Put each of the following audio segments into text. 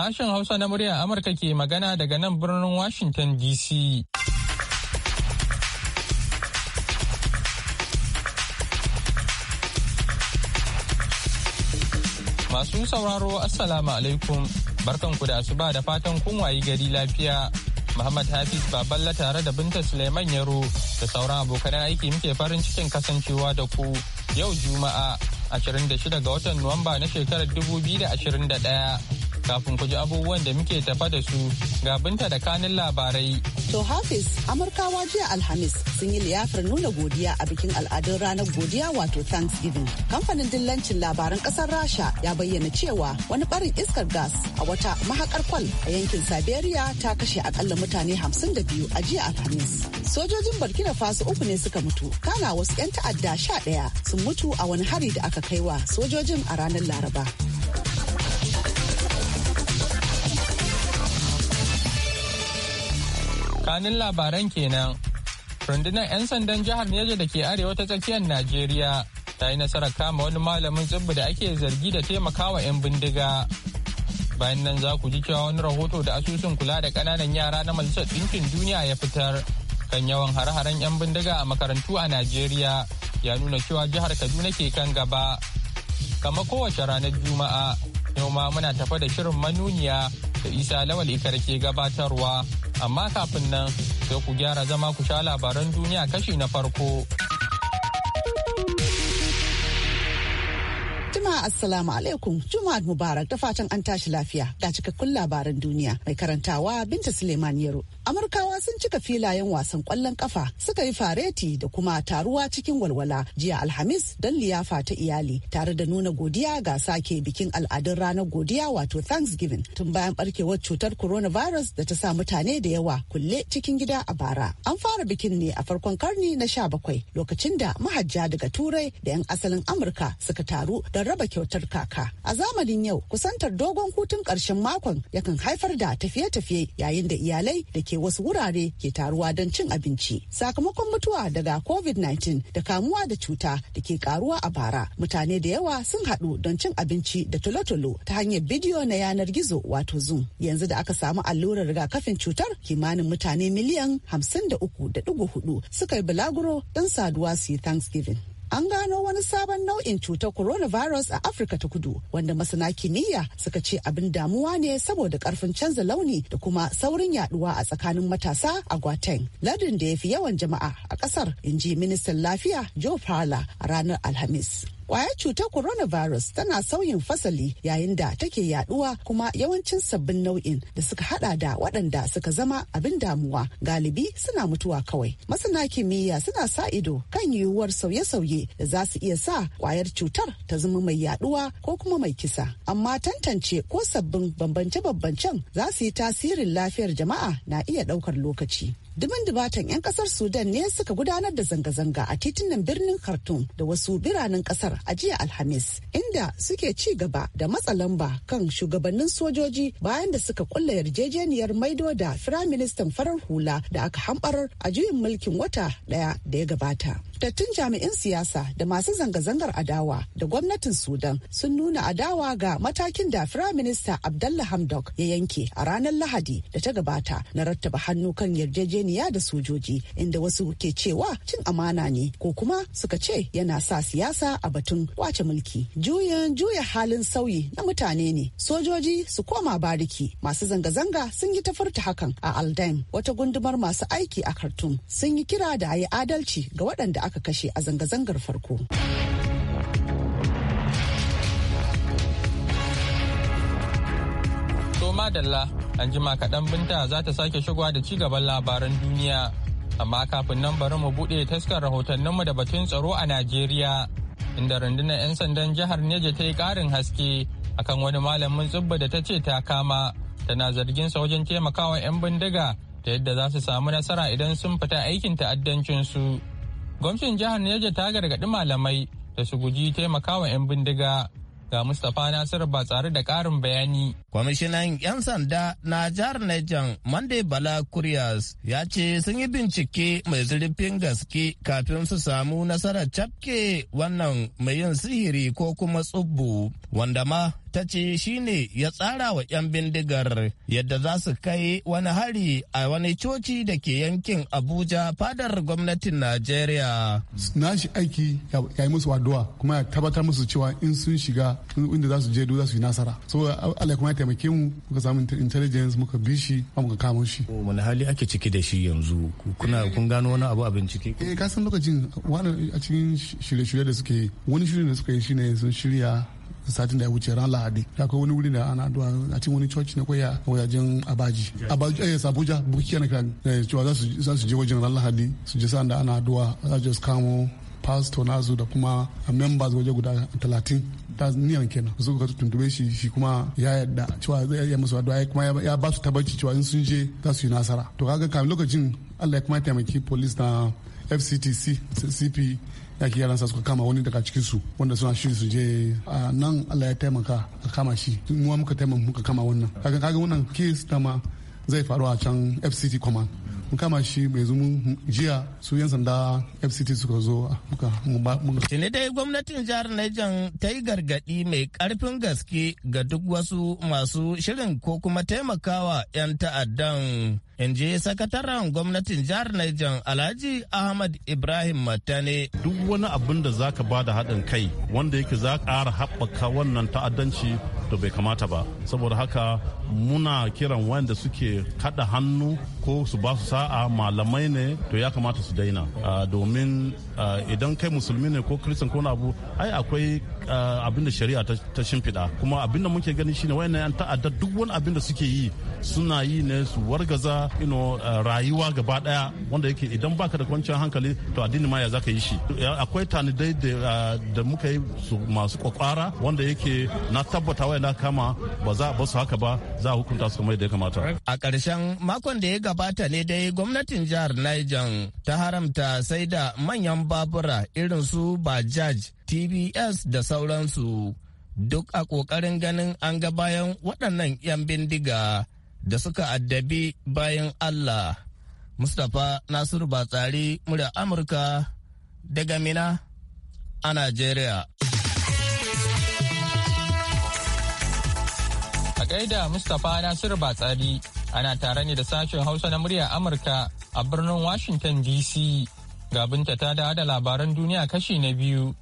Sashen Hausa na murya Amurka ke magana daga nan birnin Washington DC. Masu sauraro Assalamu alaikum barkanku da asuba da fatan kun wayi gari lafiya. Muhammad Hafiz Baballa tare da Binta Suleiman Yaro da sauran abokan aiki muke farin cikin kasancewa da ku yau Juma'a 26 ga watan Nuwamba na shekarar 2021 Kafin ku ji abubuwan da muke tafa da su ga binta da kanin labarai. To Hafiz, Amurkawa jiya Alhamis sun yi liyafar nuna godiya a bikin al'adun ranar godiya wato Thanksgiving. Kamfanin dillancin labaran ƙasar Rasha ya bayyana cewa wani barin iskar gas a wata mahakar kwal a yankin Siberia ta kashe akalla mutane hamsin da biyu a jiya Alhamis. Sojojin Burkina Faso uku ne suka mutu, kana wasu 'yan ta'adda sha ɗaya sun mutu a wani hari da aka kai wa sojojin a ranar Laraba. tsakanin labaran kenan rundunar 'yan sandan jihar neja da ke arewa ta tsakiyar najeriya ta yi nasarar kama wani malamin tsibbi da ake zargi da taimakawa 'yan bindiga bayan nan za ku ji cewa wani rahoto da asusun kula da ƙananan yara na majalisar ɗinkin duniya ya fitar kan yawan hare-haren 'yan bindiga a makarantu a najeriya ya nuna cewa jihar kaduna ke kan gaba kama kowace ranar juma'a Noma muna tafa da shirin manuniya da Isa Lawal Ikar ke gabatarwa, amma kafin nan sai ku gyara zama ku sha labaran duniya kashi na farko. Jama'a Assalamu alaikum Juma'ad Mubarak da fatan an tashi lafiya ga cikakkun labaran duniya mai karantawa Binta Suleiman Yero. Amurkawa sun cika filayen wasan kwallon kafa suka yi fareti da kuma taruwa cikin walwala jiya Alhamis don liyafa ta iyali tare da nuna godiya ga sake bikin al'adun ranar godiya wato Thanksgiving tun bayan barkewar cutar coronavirus da ta sa mutane da yawa kulle cikin gida a bara. An fara bikin ne a farkon karni na 17 lokacin da mahajja daga Turai da 'yan asalin Amurka suka taru don raba kyautar kaka. A zamanin yau kusantar dogon hutun ƙarshen makon yakan haifar da tafiye-tafiye yayin da iyalai da ke wasu wurare ke taruwa don cin abinci. Sakamakon mutuwa daga COVID-19 da kamuwa da cuta da ke karuwa a bara mutane da yawa sun haɗu don cin abinci da tolo-tolo ta hanyar bidiyo na yanar gizo wato Zoom. Yanzu da aka samu allurar rigakafin cutar kimanin mutane miliyan hamsin da da uku 53.4 suka yi bulaguro don saduwa su yi Thanksgiving. an gano wani sabon nau'in cutar coronavirus a Afirka ta kudu wanda masana kimiyya suka ce abin damuwa ne saboda karfin canza launi da kuma saurin yaduwa a tsakanin matasa a Gauteng. Ladin da ya fi yawan jama'a a kasar, in ji ministan lafiya Joe parla a ranar Alhamis. Kwayar cutar coronavirus tana sauyin fasali yayin da take yaduwa kuma yawancin sabbin nau'in da suka hada da waɗanda suka zama abin damuwa galibi suna mutuwa kawai. Masana kimiyya suna sa ido kan yiwuwar sauye-sauye da za su iya sa kwayar cutar ta zama mai yaduwa ko kuma mai kisa. Amma tantance ko sabbin bambance-bambancen za su yi tasirin lafiyar jama'a na iya ɗaukar lokaci. dubin dubatan 'yan kasar sudan ne suka gudanar da zanga-zanga a titunan birnin khartoum da wasu biranen kasar a jiya alhamis inda suke ci gaba da matsa lamba kan shugabannin sojoji bayan da suka kulla yarjejeniyar maido da firaministan farar hula da aka hambarar a juyin mulkin wata daya da ya gabata fitattun jami'in siyasa da masu zanga-zangar adawa da gwamnatin Sudan sun nuna adawa ga matakin da Firaminista Abdallah Hamdok ya yanke a ranar Lahadi da ta gabata na rattaba hannu kan yarjejeniya da sojoji inda wasu ke cewa cin amana ne ko kuma suka ce yana sa siyasa a batun kwace mulki. Juyin juya halin sauyi na mutane ne sojoji su koma bariki masu zanga-zanga sun yi ta hakan a Aldaim wata gundumar masu aiki a Khartoum sun yi kira da a yi adalci ga waɗanda aka kashe a zanga-zangar farko. Toma Dalla, an jima kaɗan binta za ta sake shigowa da ci gaban labaran duniya. Amma kafin nan bari mu buɗe taskar rahotanninmu da batun tsaro a Najeriya, inda rundunar 'yan sandan jihar Neja ta yi ƙarin haske akan wani malamin tsubba da ta ce ta kama tana zargin sa wajen taimakawa 'yan bindiga ta yadda za su samu nasara idan sun fita aikin ta'addancinsu. Gwamshin jihar Neja ta gargaɗi malamai da su guji taimakawa 'yan bindiga ga Mustapha Nasiru ba tsare da ƙarin bayani. Kwamishinan 'yan sanda na jihar Niger Monday Bala Kuriyas ya ce sun yi bincike mai zurfin gaske kafin su samu nasarar cafke wannan mai yin sihiri ko kuma tsubbu wanda ma ta ce shi ne ya tsara wa 'yan bindigar yadda za su kai wani hari a wani coci da ke yankin abuja fadar gwamnatin najeriya na shi aiki ya yi musu addu'a kuma ya tabbatar musu cewa in sun shiga inda za su je za su yi nasara saboda allah kuma ya taimake mu muka samu intelligence muka bi shi kuma muka kamo shi wani hali ake ciki da shi yanzu kuna eh. kun gano wani abu a bincike eh ka san lokacin wani a cikin shirye-shirye da suke wani shirye da suka yi shine sun shirya satin da ya wuce ran lahadi ya kai wani wuri da ana addu'a a cikin wani church na koya a wajajen abaji abaji eh sabuja buki na kan eh, cewa za su za su je wajen ran lahadi su je sanda ana addu'a za su just kamo pastor nasu da kuma members waje guda 30 ta niyan kenan su ka tuntube shi shi kuma ya yadda cewa zai yi musu addu'a kuma ya ba su tabbaci cewa in sun je za su yi nasara to kaga kamin lokacin Allah ya kuma taimaki police na FCTC CP yaki yaransa suka kama wani daga cikin su wanda suna shi su je a nan Allah ya taimaka a kama shi mu muka taimaka muka kama wannan kaga kaga wannan case dama zai faru a can FCT command mun kama shi mai zumu jiya su yan sanda fct suka zo ah, muka tene dai gwamnatin jihar Niger ta yi gargadi mai karfin gaske ga duk wasu masu shirin ko kuma taimakawa 'yan ta'addan in ji sakataren gwamnatin jihar Niger Alhaji Ahmad Ibrahim Matane. Duk wani abin da za ka bada haɗin kai wanda yake za ƙara haɓaka wannan ta'addanci to bai kamata ba. Saboda haka muna kiran wanda suke kaɗa hannu ko su ba su sa'a malamai ne to ya kamata su daina. Domin idan kai musulmi ne ko kristan ko abu ai akwai abin da shari'a ta shimfiɗa. Kuma abin da muke gani shine wayannan 'yan ta'adda duk wani abin da suke yi suna yi ne su wargaza Uh, rayuwa gaba daya wanda yake idan baka da kwanciyar hankali to addini ma ya zaka yi shi akwai tanidai uh, da muka yi masu kwakwara wanda yake na tabbata wai na kama ba za a basu haka ba za a hukunta su mai da ya kamata a ƙarshen makon da ya gabata ne dai gwamnatin jihar Niger ta haramta sai da manyan babura irin su ba bajaj tbs da sauransu duk a ƙoƙarin ganin an ga bayan waɗannan 'yan bindiga da suka addabi bayan Allah. Mustapha Nasiru Batsari murya Amurka daga Mina a Najeriya. A gaida Mustapha Nasiru Batsari ana tare ne da sashen Hausa na murya Amurka a birnin Washington DC. ga Gabinta ta da labaran duniya kashi na biyu.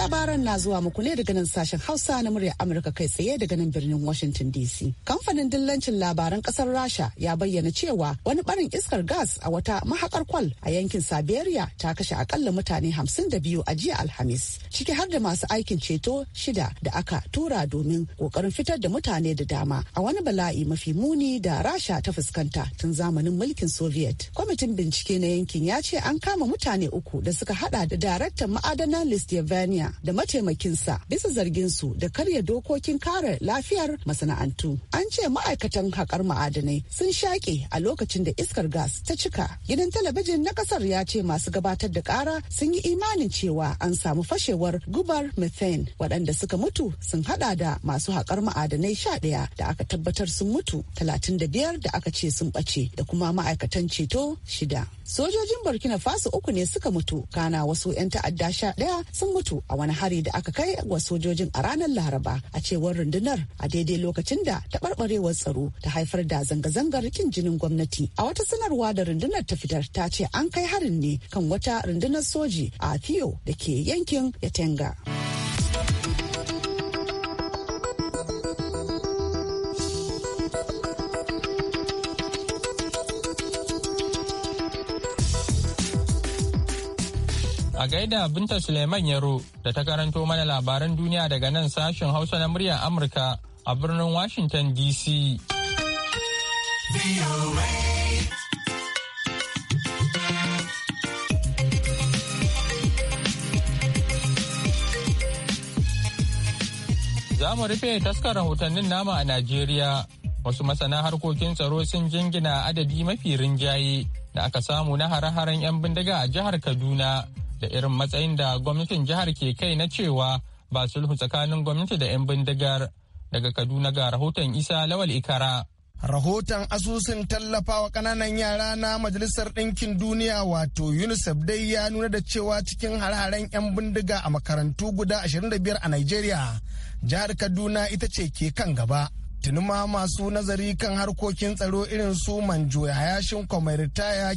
Labaran na zuwa muku ne daga nan sashen Hausa na murya Amurka kai tsaye daga nan birnin Washington DC. Kamfanin dillancin labaran kasar Rasha ya bayyana cewa wani barin iskar gas a wata mahakar kwal a yankin Siberia ta kashe akalla mutane 52 a jiya Alhamis, ciki har da masu aikin ceto shida da aka tura domin kokarin fitar da mutane da dama a wani bala'i mafi muni da Rasha ta fuskanta tun zamanin mulkin Soviet. Kwamitin bincike na yankin ya ce an kama mutane uku da suka hada da daraktan ma'adanan Listyevania da mataimakinsa bisa zarginsu da karya dokokin kare lafiyar masana'antu. An ce ma'aikatan haƙar ma'adanai sun shaƙe a lokacin da iskar gas ta cika. Gidan talabijin na ƙasar ya ce masu gabatar da ƙara sun yi imanin cewa an samu fashewar gubar methane waɗanda suka mutu sun haɗa da masu haƙar ma'adanai sha ɗaya da aka tabbatar sun mutu talatin da biyar da aka ce sun ɓace da kuma ma'aikatan ceto shida. Sojojin Burkina Faso uku ne suka mutu kana wasu 'yan ta'adda sha ɗaya sun mutu a wani hari da aka kai wa sojojin a ranar Laraba a cewar rundunar a daidai lokacin da taɓarɓarewar tsaro ta haifar da zanga-zangar kin jinin gwamnati. A wata sanarwa da rundunar ta fitar ta ce an kai harin ne kan wata rundunar soji a Fiyo da ke yankin Yatenga. A gaida Binta Suleiman Yaro da ta karanto mana labaran duniya daga nan sashen Hausa na muryar Amurka a birnin Washington DC. Za mu rufe taskar rahotannin nama a Najeriya. Wasu masana harkokin tsaro sun jingina adadi mafi rinjaye da aka samu na hare-haren 'yan bindiga a jihar Kaduna da irin matsayin da gwamnatin jihar ke kai na cewa ba sulhu tsakanin gwamnati da 'yan bindigar daga kaduna ga rahoton isa lawal ikara rahoton asusun tallafawa kananan yara na majalisar ɗinkin duniya wato unicef dai ya nuna da cewa cikin har-haren 'yan bindiga a makarantu guda 25 a nigeria jihar kaduna ita ce ke kan gaba tuni ma masu nazari kan harkokin tsaro irin su manjo hayashin kwamai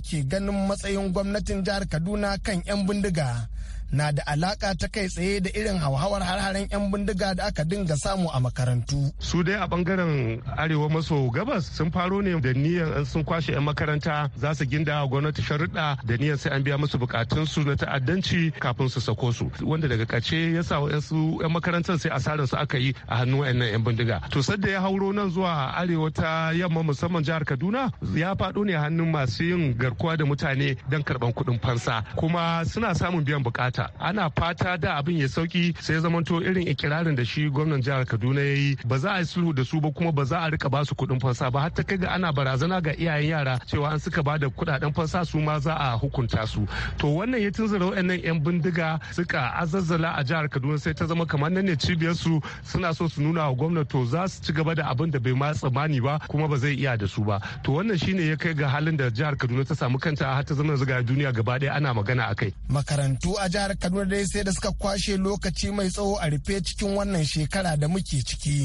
ke ganin matsayin gwamnatin jihar kaduna kan 'yan bindiga na da alaka ta kai tsaye da irin hauhawar har 'yan bindiga da aka dinga samu a makarantu. Su dai a bangaren arewa maso gabas sun faro ne da niyyar sun kwashe 'yan makaranta za su ginda gwamnati sharuɗa da niyyar sai an biya musu su na ta'addanci kafin su sako su wanda daga kace ya sa wasu 'yan makarantar sai asarar su aka yi a hannun wayannan 'yan bindiga. To da ya hauro nan zuwa arewa ta yamma musamman jihar Kaduna ya faɗo ne hannun masu yin garkuwa da mutane don karɓan kuɗin fansa kuma suna samun biyan bukata ana fata da abin ya sauki sai zamanto irin ikirarin da shi gwamnan jihar kaduna ya yi ba za a yi sulhu da su ba kuma ba za a rika basu kuɗin fansa ba har ta kai ga ana barazana ga iyayen yara cewa an suka ba da kuɗaɗen fansa su ma za a hukunta su to wannan ya tunzura wa'annan yan bindiga suka azazzala a jihar kaduna sai ta zama kamar nan ne cibiyar su suna so su nuna wa gwamnati to za su ci gaba da abin da bai ma tsammani ba kuma ba zai iya da su ba to wannan shine ya kai ga halin da jihar kaduna ta samu kanta har ta zama zuga duniya gaba ɗaya ana magana kai. makarantu a jihar jihar kaduna dai sai da suka kwashe lokaci mai tsawo a rufe cikin wannan shekara da muke ciki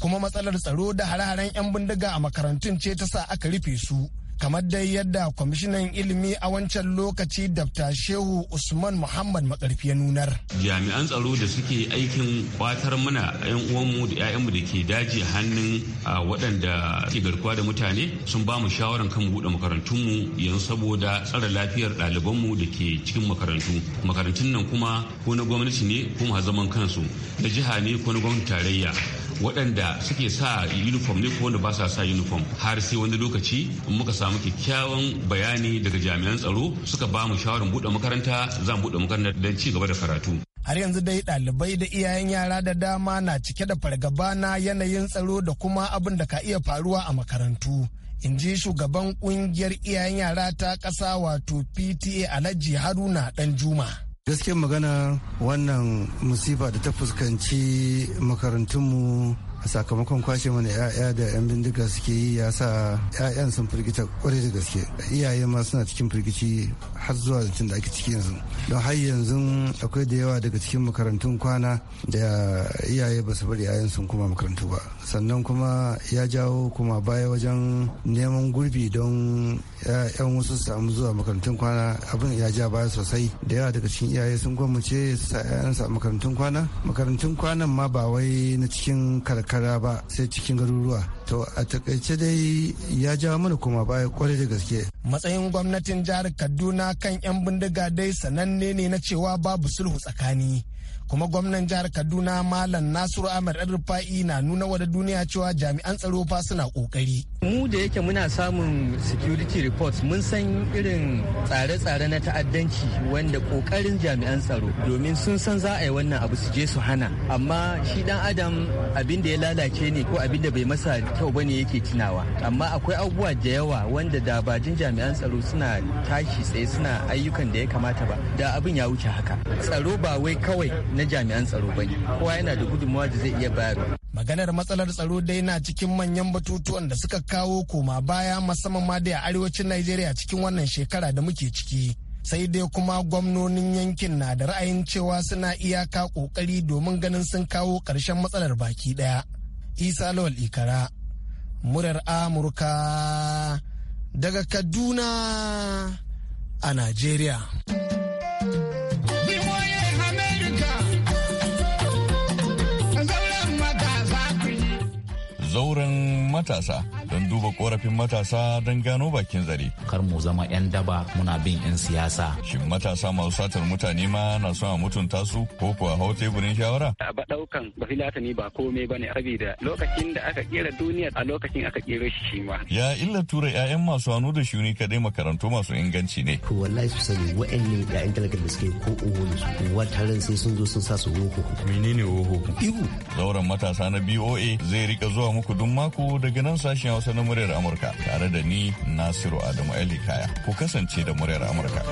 kuma matsalar tsaro da hare-haren 'yan bindiga a makarantun ce ta sa aka rufe su kamar dai yadda kwamishinan ilimi a wancan lokaci Dr. shehu usman muhammad makarfi ya nunar jami'an tsaro da suke aikin kwatar mana yan uwanmu da 'ya'yanmu da ke daji hannun a waɗanda ke garkuwa da mutane sun ba mu shawaran kan buɗe makarantunmu yanzu saboda tsara lafiyar ɗalibanmu da ke cikin makarantu makarantun nan kuma ko na gwamnati ne kuma zaman kansu na jiha ne ko na gwamnati tarayya waɗanda suke sa uniform ne ko wanda ba sa sa uniform har sai wani lokaci muka samu kyakkyawan bayani daga jami'an tsaro suka ba mu shawarar buɗe makaranta zan buɗe makaranta don ci gaba da karatu har yanzu dai ɗalibai da iyayen yara da dama na cike da fargaba na yanayin tsaro da kuma abin da ka iya faruwa a makarantu in ji shugaban ƙungiyar iyayen yara ta ƙasa wato pta alhaji haruna ɗanjuma gaskiyar magana wannan musiba da ta fuskanci makarantunmu a sakamakon kwashe mana 'ya'ya da 'yan bindiga suke yi ya sa 'ya'yan sun firgita kwarai da gaske iyaye ma suna cikin firgici har zuwa zancen da ake ciki yanzu don har yanzu akwai da yawa daga cikin makarantun kwana da iyaye ba su bari 'ya'yan sun kuma makarantu ba sannan kuma ya jawo kuma baya wajen neman gurbi don 'ya'yan wasu samu zuwa makarantun kwana abin ya ja baya sosai da yawa daga cikin iyaye sun gwammace su sa 'ya'yansu a makarantun kwana makarantun kwanan ma ba wai na cikin karkara karkara ba sai cikin garuruwa to a takaice dai ya jawo mana kuma baya kwarai da gaske matsayin gwamnatin jihar kaduna kan 'yan bindiga dai sananne ne na cewa babu sulhu tsakani kuma gwamnan jihar kaduna malam nasiru ahmed dan na nuna wa duniya cewa jami'an tsaro fa suna kokari mu da yake muna samun security reports mun san irin tsare-tsare na ta'addanci wanda kokarin jami'an tsaro domin sun san za a yi wannan abu su je su hana amma shi dan adam abin da ya lalace ne ko abin da bai masa kyau ba ne yake tunawa amma akwai abubuwa da yawa wanda da bajin jami'an tsaro suna tashi tsaye suna ayyukan da ya kamata ba da abin ya wuce haka tsaro ba wai kawai na jami'an tsaro ba kowa yana da gudunmawa da zai iya bayarwa maganar matsalar tsaro dai na cikin manyan batutuwan da suka kawo koma baya musamman ma da arewacin najeriya cikin wannan shekara da muke ciki sai dai kuma gwamnonin yankin na da ra'ayin cewa suna iyaka kokari domin ganin sun kawo ƙarshen matsalar baki ɗaya isa lawal ikara murar amurka daga kaduna a najeriya zauren matasa don duba korafin matasa don gano bakin zare. Kar mu zama 'yan daba muna bin 'yan siyasa. Shin matasa masu satar mutane ma na son a mutunta su ko kuwa hau teburin shawara? A ba daukan ba filatani ba kome ba ne da lokacin da aka kera duniya a lokacin aka kera shi shi ma. Ya illa tura 'ya'yan masu hannu da shuni kadai makarantu masu inganci ne. Ko wallahi su sani wa'annan 'ya'yan talakar da suke ko oho su su sai sun zo sun sa su woho. Menene woho? Ihu. Zauren matasa na BOA zai rika zuwa muku duk mako daga nan sashen Hausa na muryar Amurka tare da ni Nasiru Adamu Ali Kaya. Ku kasance da muryar Amurka.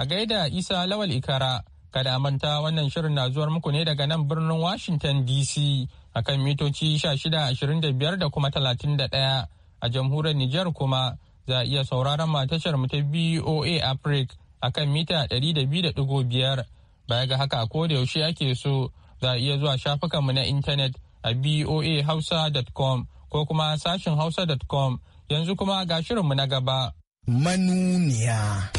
A gaida Isa Lawal Ikara Kada manta wannan shirin na zuwar muku ne daga nan birnin Washington DC akan mitoci 1625 da kuma 31 a jamhuriyar Nijar kuma za a iya sauraron matashar mu ta BOA Africa a kan mita 200.5 baya ga haka ko da yaushe ake so za a iya zuwa mu na intanet a boahausa.com ko kuma sashin hausa.com yanzu kuma ga mu na gaba. Manuniya.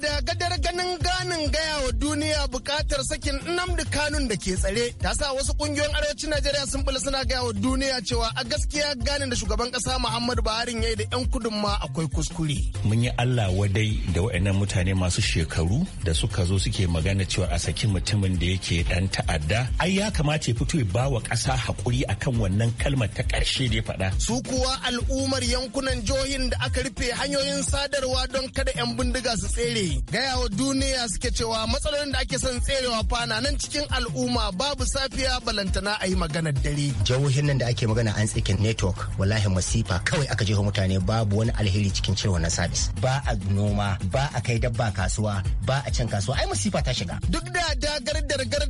The. ganin ganin gaya wa duniya bukatar sakin Nnamdi Kanun da ke tsare ta sa wasu kungiyoyin arewacin Najeriya sun bula suna gaya wa duniya cewa a gaskiya ganin da shugaban kasa Muhammadu Buhari ya yi da 'yan kudun ma akwai kuskure. Mun yi Allah wadai da wa'annan mutane masu shekaru da suka zo suke magana cewa a saki mutumin da yake dan ta'adda. Ai ya kamata ya fito ya ba wa ƙasa haƙuri akan wannan kalmar ta ƙarshe da ya faɗa. Su kuwa al'ummar yankunan jihohin da aka rufe hanyoyin sadarwa don kada 'yan bindiga su tsere. Gaya wa duniya suke cewa matsalolin da ake son tserewa fana nan cikin al'umma babu safiya balantana a yi magana dare. Jihohin nan da ake magana an tsikin network wallahi masifa kawai aka jeho mutane babu wani alheri cikin cewa na sabis. Ba a noma ba a kai dabba kasuwa ba a can kasuwa ai masifa ta shiga. Duk da dagar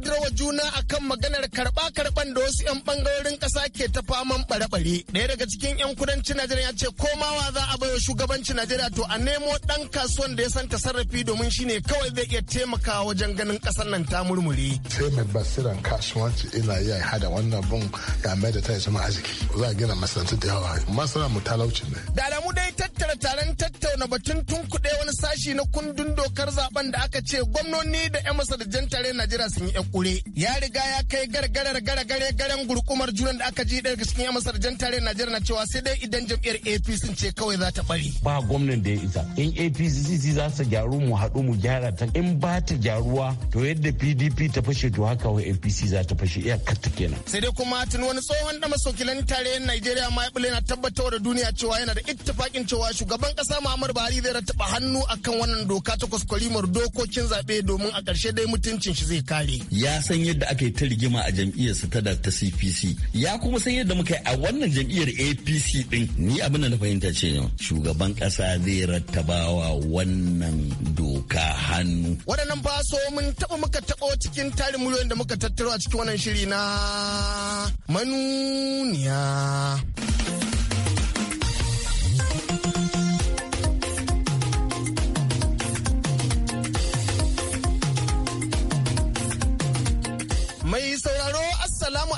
da wa juna akan maganar karba karban da wasu 'yan bangarorin kasa ke ta faman bare-bare. Ɗaya daga cikin 'yan kudancin Najeriya ce komawa za a baiwa shugabancin Najeriya to a nemo ɗan kasuwan da ya san ta sarrafi domin shi ne kawai zai iya taimaka wajen ganin kasar nan ta murmure. Sai mai basiran kasuwanci ina iya hada wannan bun game da ta zama arziki. Za a gina masana'antu da yawa. Masana mu talauci ne. Da alamu dai tattara taron tattauna batun tunkuɗe wani sashi na kundin dokar zaben da aka ce gwamnoni da 'yan jan tare Najeriya sun yi ƙure. Ya riga ya kai gargarar gare garen gurkumar junan da aka ji daga cikin 'yan jan tare Najeriya na cewa sai dai idan jam'iyyar APC ce kawai za ta bari. Ba gwamnan da ya isa. In APC za su gyaru mu haɗu mu gyara ta. In ba ta gyaruwa to yadda PDP ta fashe to haka wa APC za ta fashe iya katta kenan. Sai dai kuma tun wani tsohon da masokilan tare Najeriya ma ya na tabbatar da duniya cewa yana da ittifaƙin cewa shugaban kasa Muhammadu Buhari zai rattaba hannu akan wannan doka ta kwaskwarimar dokokin zaɓe domin a ƙarshe dai mutuncin shi zai kare. Ya san yadda aka yi ta rigima a jam'iyyarsa ta da ta CPC. Ya kuma san yadda muka yi a wannan jam'iyyar APC ɗin. Ni abin da na fahimta ce ne. Shugaban kasa zai rattabawa wannan doka hannu. Waɗannan faso mun taɓa muka taɓo cikin tarin miliyoyin da muka tattaro a cikin wannan shiri na manuniya.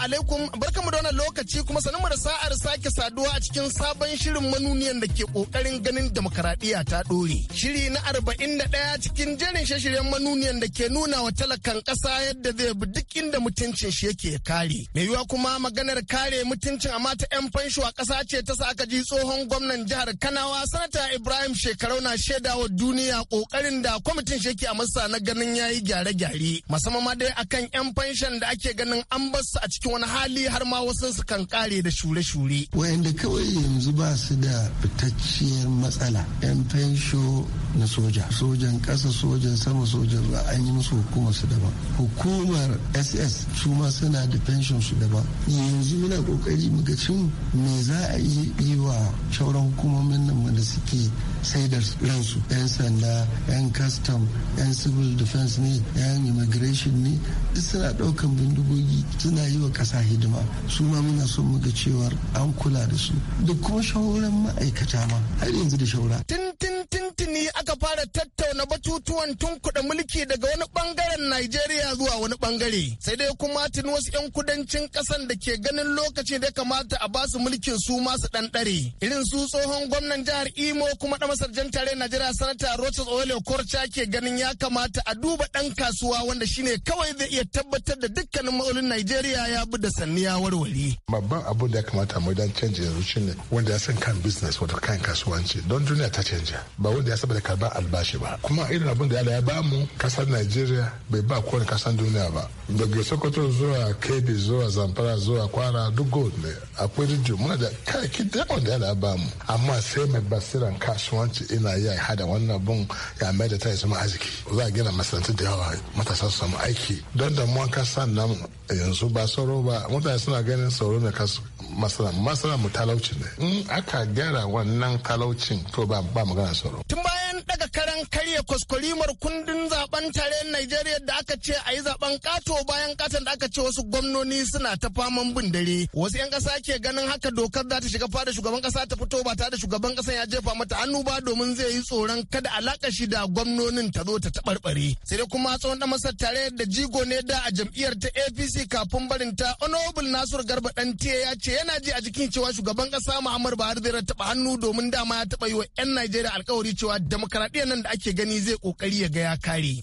alaikum barkamu da wannan lokaci kuma sanin mu da sa'ar sake saduwa a cikin sabon shirin manuniyan da ke kokarin ganin demokaradiyya ta dore. Shiri na arba'in da ɗaya cikin jerin shirye-shiryen manuniyan da ke nuna wa talakan ƙasa yadda zai bi duk inda mutuncin shi yake kare. Mai yiwuwa kuma maganar kare mutuncin amma ta 'yan fansho a ƙasa ce ta sa aka ji tsohon gwamnan jihar Kanawa sanata Ibrahim Shekarau na shaida wa duniya kokarin da kwamitin shi yake a masa na ganin yayi gyare-gyare musamman ma dai akan 'yan fanshan da ake ganin an bar a cikin wani hali har ma wasu su kan kare da shure-shure. Wayanda kawai yanzu ba su da fitacciyar matsala. 'Yan fensho na soja. Sojan ƙasa, sojan sama, sojan ba an yi musu hukumar su daban. Hukumar SS su ma suna da fenshon su daban. Yanzu muna kokari muga cin me za a yi wa shauran hukumomin nan da suke sai da ransu. 'Yan sanda, 'yan kastam, 'yan civil defense ne, 'yan immigration ne. Duk suna ɗaukan bindigogi suna yi wa kasa hidima su ma muna son muga cewar an kula da su da kuma shauran ma'aikata ma har yanzu da shaura. Tintin tintini aka fara tattauna batutuwan tunkuɗa mulki daga wani bangaren Najeriya zuwa wani bangare. Sai dai kuma tuni wasu 'yan kudancin kasan da ke ganin lokaci da kamata a basu mulkin su masu dare Irin su tsohon gwamnan jihar Imo kuma da masarjan tare Najeriya sanata Rochas Ole Korcha ke ganin ya kamata a duba dan kasuwa wanda shine kawai zai iya tabbatar da dukkanin matsalolin Najeriya ya abu da sanni ya warware. Babban abu da ya kamata mu dan canji yanzu shi ne wanda ya san kan business wato kan kasuwanci don duniya ta canja ba wanda ya saba da karban albashi ba. Kuma irin abin da Allah ya ba mu kasar Najeriya bai ba kowane kasan duniya ba. Daga Sokoto zuwa Kebbi zuwa Zamfara zuwa Kwara duk gold ne akwai rijiyo muna da kayaki da wanda Allah ya ba mu. Amma sai mai basiran kasuwanci ina yi yi hada wannan abun ya mai da ta zama arziki. Za a gina masana'antu da yawa matasa su samu aiki don da damuwan kasa namu yanzu ba sauro ba mutane suna ganin sauro na kasu masala masala mu talaucin ne in aka gyara wannan talaucin to ba ba magana tsoro tun bayan daga karan karya kwaskwarimar kundin zaben tarayyar Najeriya da aka ce a yi zaben kato bayan katon da aka ce wasu gwamnoni suna ta faman bin dare wasu yan kasa ke ganin haka dokar za ta shiga fada shugaban kasa ta fito ba tare da shugaban kasa ya jefa mata hannu ba domin zai yi tsoron kada alaka shi da gwamnonin ta zo ta tabarbare sai dai kuma tsohon dan masar tare da jigo ne da a jam'iyyar ta APC kafin barin ta honorable Nasiru Garba dan ya ce ce yana ji a jikin cewa shugaban kasa Muhammadu Buhari zai rattaba hannu domin dama ya taba yi wa 'yan Najeriya alkawari cewa demokaradiyyar nan da ake gani zai kokari ya ga ya kare.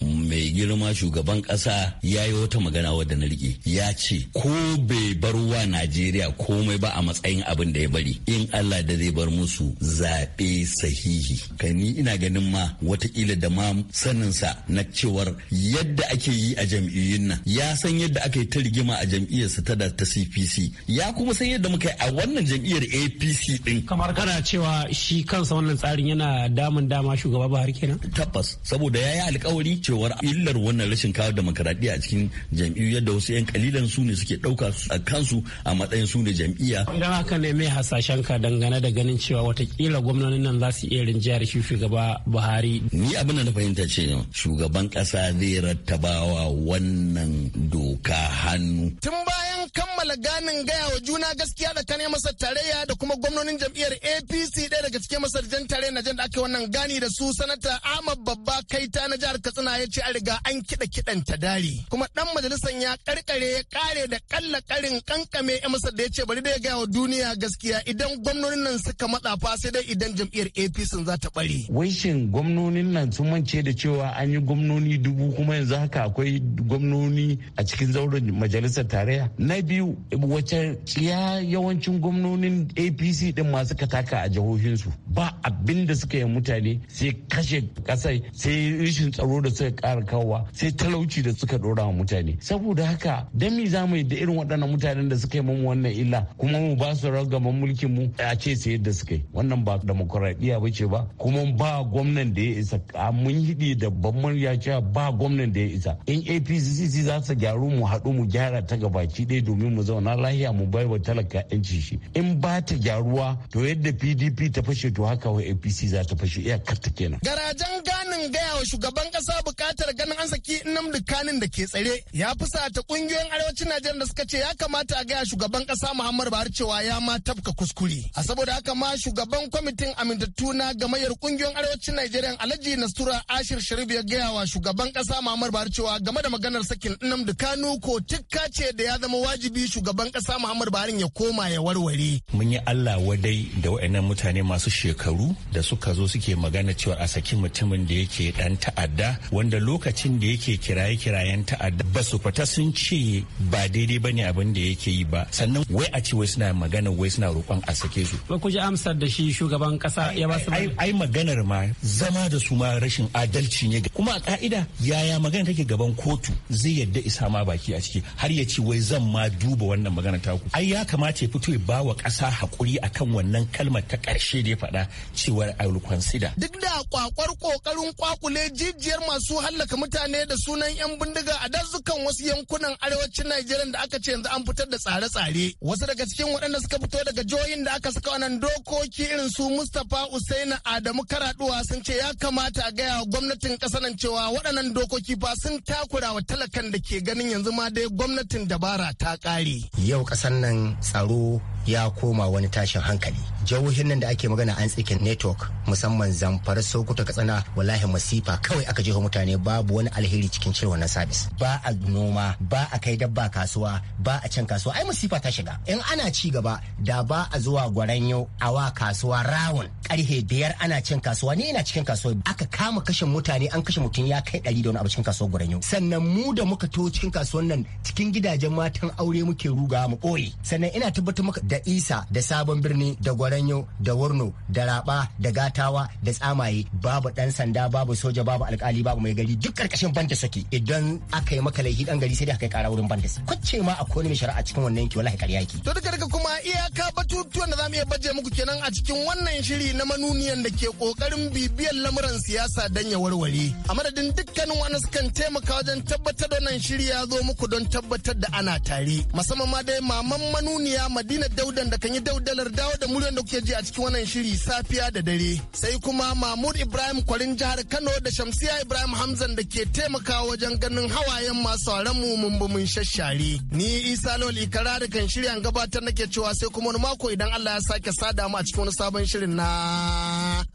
girma shugaban kasa ya yi wata magana wadda na rike ya ce ko bai bar wa najeriya komai ba a matsayin abin da ya bari in allah da zai bar musu zaɓe sahihi kani ina ganin ma watakila da ma saninsa na cewar yadda ake yi a jam'iyyun nan ya san yadda aka yi ta rigima a jam'iyyarsa ta da ta cpc ya kuma san yadda muka yi a wannan jam'iyyar apc din kamar kana cewa shi kansa wannan tsarin yana damun dama shugaba buhari kenan tabbas saboda ya yi alkawari cewar illa illar wannan rashin kawo demokaradiyya a cikin jam'iyyu yadda wasu 'yan kalilan su ne suke ɗauka a kansu a matsayin su ne jam'iyya. Don haka ne mai hasashen ka dangane da ganin cewa watakila gwamnonin nan za su iya rinjiyar shi shugaba Buhari. Ni abin da na fahimta ce shugaban kasa zai rattabawa wannan doka hannu. Tun bayan kammala ganin gaya wa juna gaskiya da kane masa tarayya da kuma gwamnonin jam'iyyar APC ɗaya daga cikin masarjan tare na jan da aka wannan gani da su sanata Ahmad Babba Kaita na jihar Katsina ya ce a riga an kiɗa kiɗan ta dari kuma ɗan majalisar ya karkare ya kare da kalla karin kankame ya masa da ya ce bari da ya gaya wa duniya gaskiya idan gwamnonin nan suka matsa fa sai dai idan jam'iyyar APC za ta bari. Wai shin gwamnonin nan sun mance da cewa an yi gwamnoni dubu kuma yanzu haka akwai gwamnoni a cikin zauren majalisar tarayya. Na biyu wacce tsiya yawancin gwamnonin APC din masu kataka a jihohinsu ba abin da suka yi mutane sai kashe kasai sai rashin tsaro da suka kara kawowa sai talauci da suka dora wa mutane saboda haka dan mi za mu yi da irin waɗannan mutanen da suka yi mun wannan illa kuma mu ba su ragaman mulkin mu a ce sai yadda suka yi wannan ba demokuraɗiyya ba ce ba kuma ba gwamnan da ya isa mun hiɗi da babban murya ba gwamnan da ya isa in apcc za su gyaru mu haɗu mu gyara ta ki ɗaya domin mu zauna lahiya mu bai wa talaka yanci shi in ba ta gyaruwa to yadda pdp ta fashe to haka wa apc za ta fashe iya ta kenan garajen ganin gaya wa shugaban ƙasa buƙatar ganin an saki Nnamdi Kanin da ke tsare ya fusata kungiyoyin arewacin Najeriya da suka ce ya kamata a gaya shugaban kasa Muhammadu Buhari cewa ya ma tafka kuskure. A saboda haka ma shugaban kwamitin amintattu na gamayyar kungiyoyin arewacin Najeriya Alhaji nasura Ashir Sharif ya gaya wa shugaban kasa Muhammadu Buhari cewa game da maganar sakin Nnamdi Kanu ko tikka ce da ya zama wajibi shugaban kasa Muhammadu Buhari ya koma ya warware. Mun yi Allah wadai da waɗannan mutane masu shekaru da suka zo suke magana cewa a saki mutumin da yake dan ta'adda wanda lokaci lokacin da yake kiraye-kirayen ta'adda ba su fita sun ce ba daidai ba ne abin da yake yi ba sannan wai a ce wai suna magana wai suna roƙon a sake su. ba ku ji amsar da shi shugaban kasa ya ba su ai maganar ma zama da su ma rashin adalci ne kuma a ka'ida yaya magana take gaban kotu zai yadda isa ma baki a ciki har ya ce wai zan ma duba wannan magana ku. ai ya kamata ya fito ya ba wa ƙasa haƙuri akan wannan kalmar ta karshe da ya faɗa cewar i will consider duk da kwakwar ƙoƙarin kwakule jijiyar masu hallaka mutane da sunan 'yan bindiga a dazukan wasu yankunan arewacin Najeriya da aka ce yanzu an fitar da tsare-tsare. Wasu daga cikin waɗanda suka fito daga jihohin da aka saka wannan dokoki irin su Mustapha Usaina Adamu Karaduwa sun ce ya kamata a gaya gwamnatin ƙasar nan cewa waɗannan dokoki ba sun takura wa talakan da ke ganin yanzu ma dai gwamnatin dabara ta ƙare. Yau ƙasar nan tsaro ya koma wani tashin hankali jihohin nan da ake magana an tsike network musamman zamfara sokoto katsina wallahi masifa kawai aka jeho mutane babu wani alheri cikin cire wannan sabis ba a noma ba a kai dabba kasuwa ba a can kasuwa ai masifa ta shiga in ana ci gaba da ba a zuwa gwaranyo a wa kasuwa rawun karhe biyar ana cin kasuwa ni ina cikin kasuwa aka kama kashe mutane an kashe mutum ya kai ɗari da wani abu cikin kasuwa gwaranyo sannan mu da muka to cikin kasuwan nan cikin gidajen matan aure muke ruga mu ɓoye sannan ina tabbatar maka da da isa da sabon birni da gwaranyo da wurno da raba da gatawa da tsamaye babu dan sanda babu soja babu alkali babu mai gari duk karkashin banda saki idan aka yi maka laifi dan gari sai aka kai kara wurin banda saki kwace ma akwai wani shari'a cikin wannan yanki wallahi kariya yake to duka duka kuma iyaka batutuwan da zamu iya baje muku kenan a cikin wannan shiri na manuniyan da ke kokarin bibiyar lamuran siyasa dan ya warware a madadin dukkanin wani sukan taimaka wajen tabbatar da wannan shiri ya zo muku don tabbatar da ana tare musamman ma dai maman manuniya Madina Dau daudan da kan yi daudalar dawo da muryan da kuke ji a cikin wannan shiri safiya da dare sai kuma mahmud ibrahim kwarin jihar kano da shamsiya ibrahim hamzan da ke taimakawa wajen ganin hawayen masu mu mun bi mun shashare ni isa loli kara da kan shirya gabatar nake cewa sai kuma wani mako idan allah ya sake sada mu a cikin wani sabon shirin na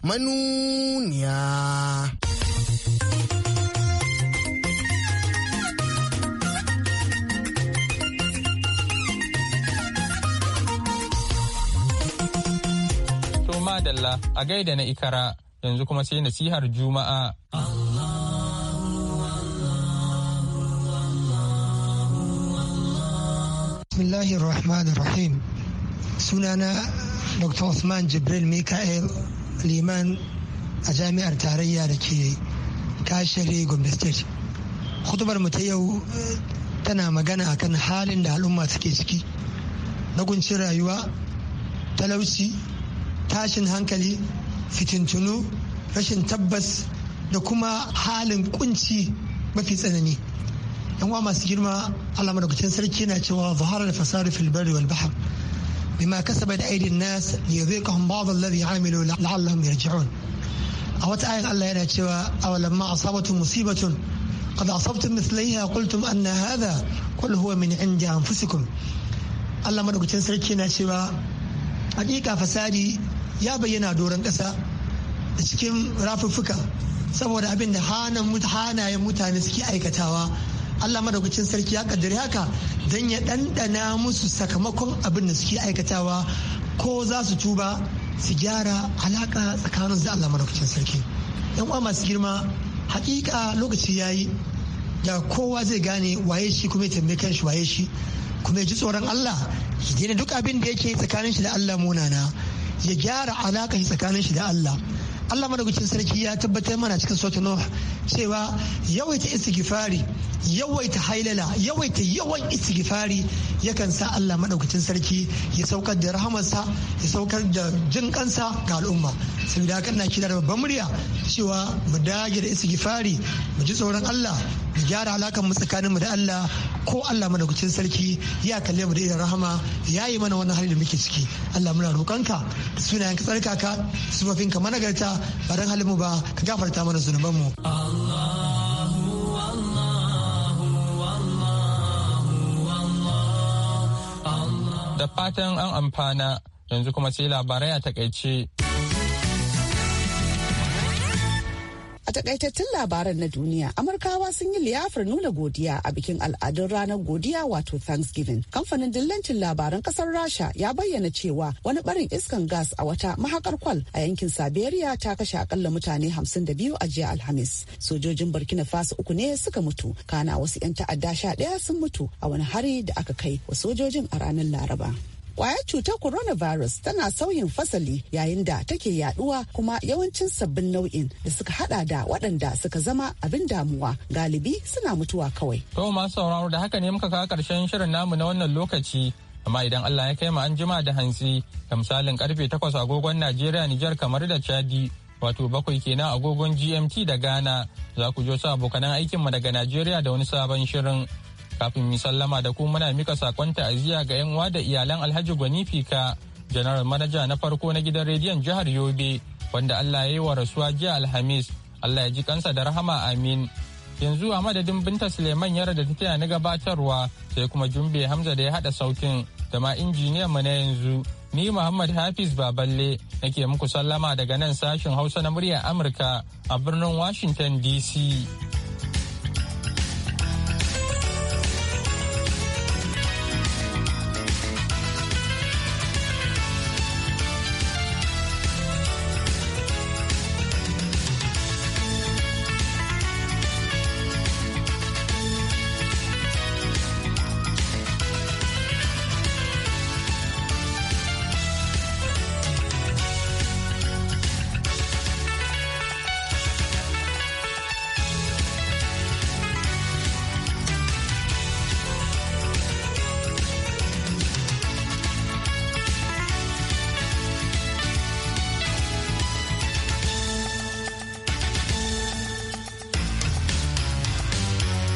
manuniya. madalla a gaida na ikara yanzu kuma sai nasihar juma'a. Bismillahir Sunana Dr. Usman Jibril Mika'il Liman a jami'ar tarayya da ke kashere Gombe State. Hutubar mu ta yau eh, tana magana akan halin da al'umma suke ciki. Na rayuwa, talauci, tashin hankali fitintunu rashin tabbas da kuma halin kunci mafi tsanani yan uwa masu girma allah madaukakin sarki na cewa zahara da fasari fil bari wal bahar bima kasaba da aidin nas liyadhiqahum ba'd alladhi amilu la'allahum yarji'un a wata ayin allah yana cewa awalamma asabatu musibatun قد أصبتم مثليها قلتم أن هذا قل هو من عند أنفسكم Allah madaukakin sarki na cewa hakika fasari. ya bayyana doron ƙasa da cikin rafuffuka saboda abin da hanayen mutane suke aikatawa Allah madaukacin sarki ya kaddare haka don ya ɗanɗana musu sakamakon abin da suke aikatawa ko za su tuba su gyara alaƙa tsakanin da Allah madaukacin sarki yan uwa masu girma hakika lokaci ya yi da kowa zai gane waye shi kuma ya tambaye kanshi waye shi kuma ya ji tsoron Allah shi ne duk abin da yake tsakanin shi da Allah munana ya gyara alaƙa shi tsakanin shi da Allah Allah madaukakin sarki ya tabbatar mana cikin sautu Nuh cewa yawaita istighfari yawaita hailala yawaita yawan istighfari yakan sa Allah madaukakin sarki ya saukar da rahamarsa ya saukar da jin kansa ga al'umma saboda haka ina kira da babban murya cewa mu dage da istighfari mu ji tsoron Allah ya gyara alakan mu tsakanin mu da Allah ko Allah madaukakin sarki ya kalle mu da irin rahama ya yi mana wannan hali da muke ciki Allah muna roƙonka da sunayen ka tsarkaka sufafin ka managarta ba dan halin mu ba ka gafarta mana zunuban mu da fatan an amfana yanzu kuma sai labarai a takaice. A takaitattun labaran na duniya, Amurkawa sun yi liyafar nuna godiya a bikin al'adun ranar godiya wato Thanksgiving. Kamfanin dillancin labaran kasar Rasha ya bayyana cewa wani barin iskan gas a wata mahakar kwal a yankin Siberia ta kashe akalla mutane 52 a jiya Alhamis. Sojojin Burkina Faso uku ne suka mutu, kana wasu 'yan ta'adda sha 11 sun mutu a wani hari da aka kai wa sojojin a ranar Laraba. Kwayar cutar coronavirus tana sauyin fasali yayin da take yaduwa kuma yawancin sabbin nau'in da suka hada da waɗanda suka zama abin damuwa galibi suna mutuwa kawai. To masu sauraro da haka ne muka kawo karshen shirin namu na wannan lokaci amma idan Allah ya kai mu an jima da hantsi da misalin karfe 8 agogon Najeriya Nijar kamar da Chadi wato bakwai kenan agogon GMT da Ghana za ku jo sa abokanan aikinmu daga Najeriya da wani sabon shirin kafin mu sallama da ku muna mika sakon ta'aziyya ga yan uwa da iyalan alhaji gwani fika general manaja na farko na gidan rediyon jihar yobe wanda allah ya yi wa rasuwa jiya alhamis allah ya ji kansa da rahama amin yanzu a madadin binta suleiman yara da ta na gabatarwa sai kuma jumbe hamza da ya hada sautin da ma injiniyan mu na yanzu ni muhammad hafiz baballe nake muku sallama daga nan sashin hausa na muryar amurka a birnin washington dc